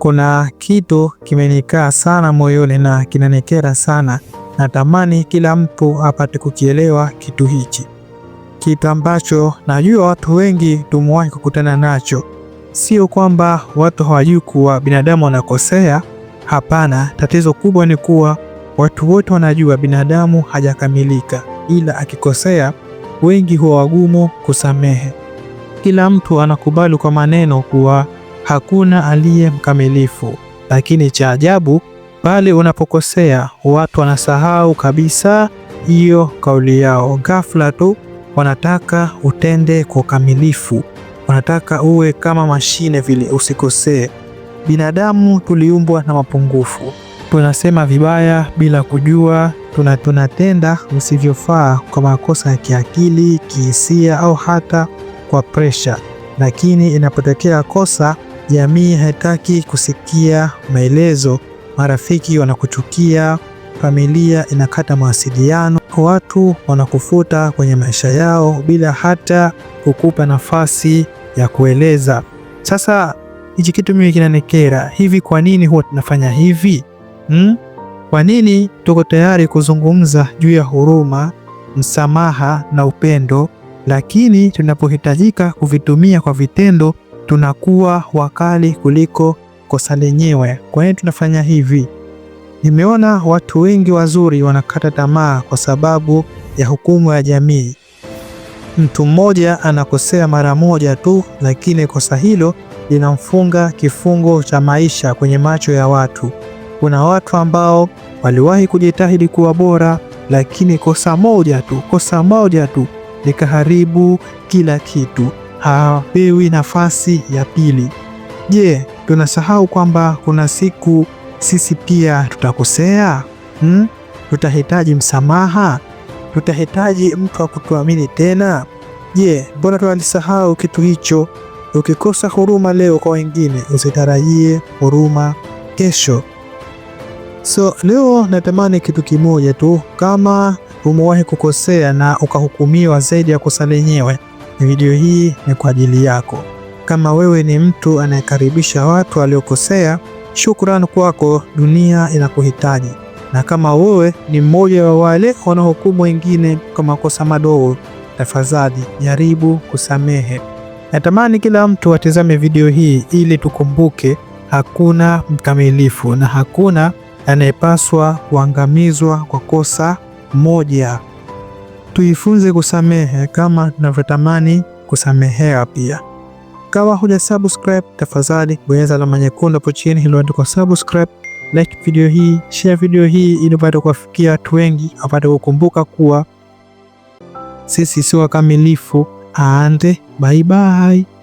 kuna kitu kimenikaa sana moyoni na kinanikera sana. Natamani kila mtu apate kukielewa kitu hichi, kitu ambacho najua watu wengi tumewahi kukutana nacho. Sio kwamba watu hawajui kuwa binadamu wanakosea, hapana. Tatizo kubwa ni kuwa watu wote wanajua binadamu hajakamilika, ila akikosea wengi huwa wagumu kusamehe. Kila mtu anakubali kwa maneno kuwa hakuna aliye mkamilifu, lakini cha ajabu, pale unapokosea watu wanasahau kabisa hiyo kauli yao. Ghafla tu wanataka utende kwa ukamilifu, wanataka uwe kama mashine vile, usikosee. Binadamu tuliumbwa na mapungufu, tunasema vibaya bila kujua, tuna tunatenda msivyofaa kwa makosa ya kiakili, kihisia, au hata kwa presha. Lakini inapotokea kosa Jamii haitaki kusikia maelezo, marafiki wanakuchukia, familia inakata mawasiliano, watu wanakufuta kwenye maisha yao bila hata kukupa nafasi ya kueleza. Sasa hichi kitu mimi kinanikera. Hivi kwa nini huwa tunafanya hivi hmm? Kwa nini tuko tayari kuzungumza juu ya huruma, msamaha na upendo, lakini tunapohitajika kuvitumia kwa vitendo tunakuwa wakali kuliko kosa lenyewe. Kwa nini tunafanya hivi? Nimeona watu wengi wazuri wanakata tamaa kwa sababu ya hukumu ya jamii. Mtu mmoja anakosea mara moja tu, lakini kosa hilo linamfunga kifungo cha maisha kwenye macho ya watu. Kuna watu ambao waliwahi kujitahidi kuwa bora, lakini kosa moja tu, kosa moja tu likaharibu kila kitu hawapewi nafasi ya pili. Je, tunasahau kwamba kuna siku sisi pia tutakosea? Hmm? Tutahitaji msamaha, tutahitaji mtu wa kutuamini tena. Je, mbona tunalisahau kitu hicho? Ukikosa huruma leo kwa wengine, usitarajie huruma kesho. So leo natamani kitu kimoja tu, kama umewahi kukosea na ukahukumiwa zaidi ya kosa lenyewe Video hii ni kwa ajili yako. Kama wewe ni mtu anayekaribisha watu waliokosea, shukrani kwako, dunia inakuhitaji. Na kama wewe ni mmoja wa wale wanaohukumu wengine kwa makosa madogo, tafadhali jaribu kusamehe. Natamani kila mtu atizame video hii ili tukumbuke hakuna mkamilifu na hakuna anayepaswa kuangamizwa kwa kosa moja tuifunze kusamehe kama tunavyotamani kusamehewa pia. Kama huja subscribe, tafadhali bonyeza alama nyekundu hapo chini iliyoandikwa subscribe. Like video hii, share video hii ili upate kuwafikia watu wengi, apate kukumbuka kuwa sisi sio wakamilifu. aande bye bye.